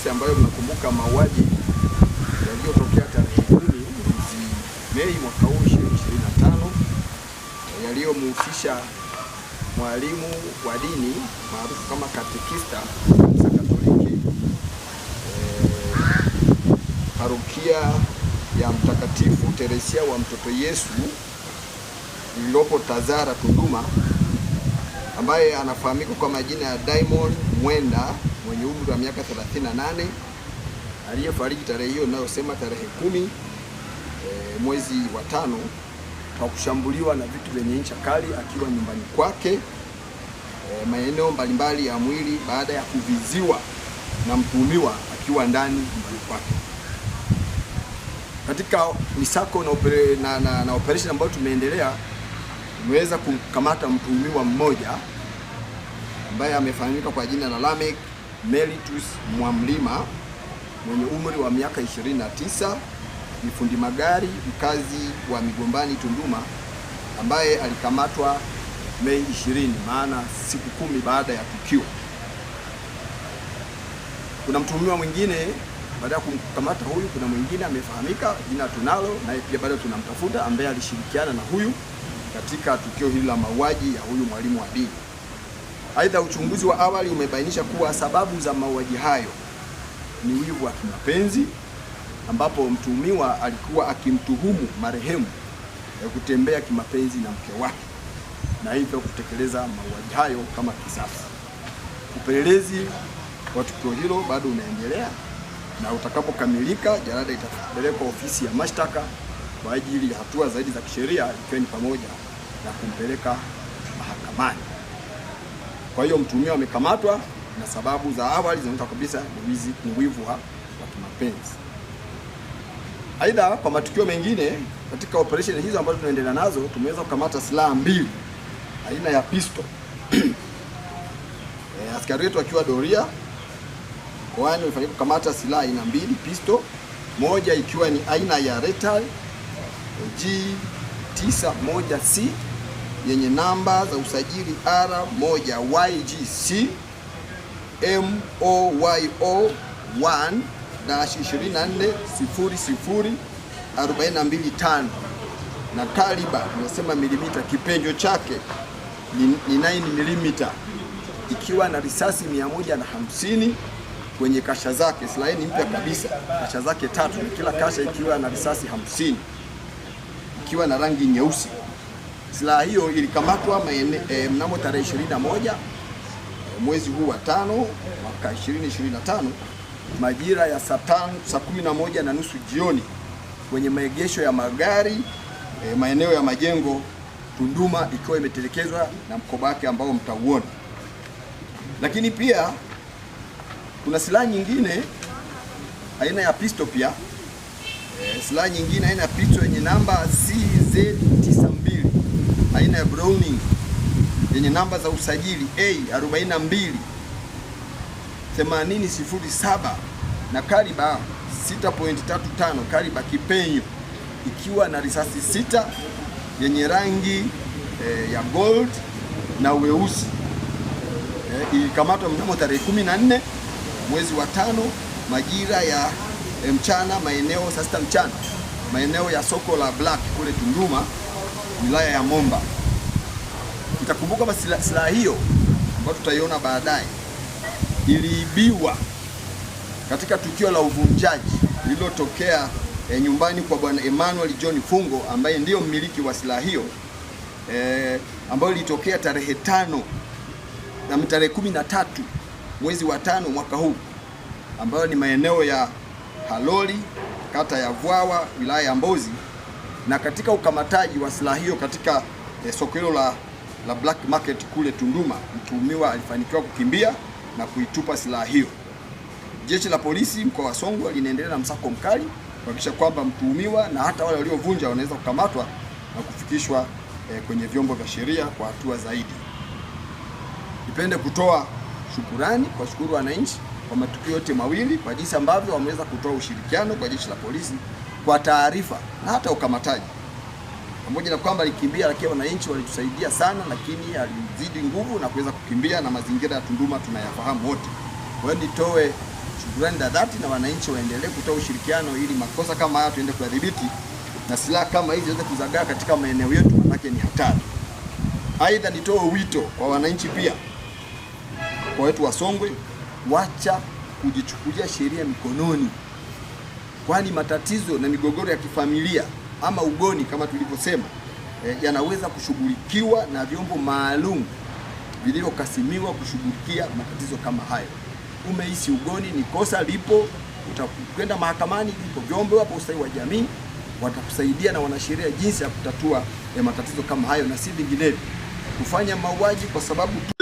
kesi ambayo mnakumbuka mauaji yaliyotokea tarehe kumi mwezi Mei mwaka huu 2025 yaliyomhusisha mwalimu wa dini maarufu kama katekista kanisa Katoliki eh, parokia e, ya Mtakatifu Teresia wa Mtoto Yesu lililopo Tazara Tunduma, ambaye anafahamika kwa majina ya Diamond Mwenda mwenye umri wa miaka 38 aliyefariki tarehe hiyo inayosema tarehe kumi e, mwezi wa tano kwa kushambuliwa na vitu vyenye ncha kali akiwa nyumbani kwake e, maeneo mbalimbali ya mwili baada ya kuviziwa na mtuhumiwa akiwa ndani nyumbani kwake. Katika misako na, opere, na, na, na operation ambayo tumeendelea tumeweza kukamata mtuhumiwa mmoja ambaye amefahamika kwa jina la Lameck Meritus Mwamlima mwenye umri wa miaka 29, ni fundi magari mkazi wa Migombani, Tunduma, ambaye alikamatwa Mei 20, maana siku kumi baada ya tukio. Kuna mtuhumiwa mwingine baada ya kumkamata huyu, kuna mwingine amefahamika, jina tunalo naye pia bado tunamtafuta, ambaye alishirikiana na huyu katika tukio hili la mauaji ya huyu mwalimu wa dini. Aidha, uchunguzi wa awali umebainisha kuwa sababu za mauaji hayo ni wivu wa kimapenzi, ambapo mtuhumiwa alikuwa akimtuhumu marehemu ya kutembea kimapenzi na mke wake na hivyo kutekeleza mauaji hayo kama kisasi. Upelelezi wa tukio hilo bado unaendelea na utakapokamilika, jalada itapelekwa ofisi ya mashtaka kwa ajili ya hatua zaidi za kisheria, ikiwa ni pamoja na kumpeleka mahakamani. Kwa hiyo mtuhumiwa amekamatwa na sababu za awali zinaonyesha kabisa ni wivu wa kimapenzi. Aidha, kwa matukio mengine katika operation hizo ambazo tunaendelea nazo, tumeweza kukamata silaha mbili aina ya pisto e, eh, askari wetu akiwa doria mkoani walifanikiwa kukamata silaha aina mbili pisto, moja ikiwa ni aina ya Retal G91C yenye namba za usajili R1YGC MOYO 1-2400425 na kaliba tunasema milimita, kipenjo chake ni 9 milimita, ikiwa na risasi 150 kwenye kasha zake. Silaha ni mpya kabisa, kasha zake tatu kila kasha ikiwa na risasi 50, ikiwa na rangi nyeusi. Silaha hiyo ilikamatwa e, mnamo tarehe 21 eh, mwezi huu wa tano mwaka 2025 majira ya saa kumi na moja na nusu jioni kwenye maegesho ya magari e, maeneo ya majengo Tunduma, ikiwa imetelekezwa na mkoba wake ambao mtauona. Lakini pia kuna silaha nyingine aina ya pisto pia e, silaha nyingine aina ya pisto yenye namba CZ aina ya Browning yenye namba za usajili A42 8007 na kaliba 6.35 kaliba kipenyo ikiwa na risasi sita yenye rangi e, ya gold na weusi e, ilikamatwa mnamo tarehe 14 mwezi wa tano majira ya e, mchana maeneo saa sita mchana maeneo ya soko la Black kule Tunduma wilaya ya Momba. Itakumbuka kwamba silaha sila hiyo ambayo tutaiona baadaye iliibiwa katika tukio la uvunjaji lililotokea e, nyumbani kwa bwana Emmanuel John Fungo ambaye ndiyo mmiliki wa silaha hiyo e, ambayo ilitokea tarehe tano na tarehe kumi na tatu mwezi wa tano mwaka huu ambayo ni maeneo ya Haloli kata ya Vwawa wilaya ya Mbozi, na katika ukamataji wa silaha hiyo katika e, soko hilo la la black market kule Tunduma, mtuhumiwa alifanikiwa kukimbia na kuitupa silaha hiyo. Jeshi la polisi mkoa wa Songwe linaendelea na msako mkali kuhakikisha kwamba mtuhumiwa na hata wale waliovunja wanaweza kukamatwa na kufikishwa eh, kwenye vyombo vya sheria kwa hatua zaidi. Nipende kutoa shukurani kwa shukuru wananchi kwa matukio yote mawili kwa jinsi ambavyo wameweza kutoa ushirikiano kwa jeshi la polisi kwa taarifa na hata ukamataji pamoja na kwamba alikimbia, lakini wananchi walitusaidia sana, lakini alizidi nguvu na kuweza kukimbia, na mazingira ya Tunduma tunayafahamu wote. Kwa hiyo nitoe shukrani za dhati, na wananchi waendelee kutoa ushirikiano ili makosa kama haya tuende kuyadhibiti na silaha kama hizi ziweze kuzagaa katika maeneo yetu, manake ni hatari. Aidha, nitoe wito kwa wananchi pia, kwa wetu wa Songwe, wacha kujichukulia sheria mikononi, kwani matatizo na migogoro ya kifamilia ama ugoni kama tulivyosema, e, yanaweza kushughulikiwa na vyombo maalum vilivyokasimiwa kushughulikia matatizo kama hayo. Umehisi ugoni ni kosa, lipo, utakwenda mahakamani, lipo vyombo hapo, ustawi wa jamii watakusaidia na wanasheria jinsi ya kutatua ya eh, matatizo kama hayo, na si vinginevyo kufanya mauaji kwa sababu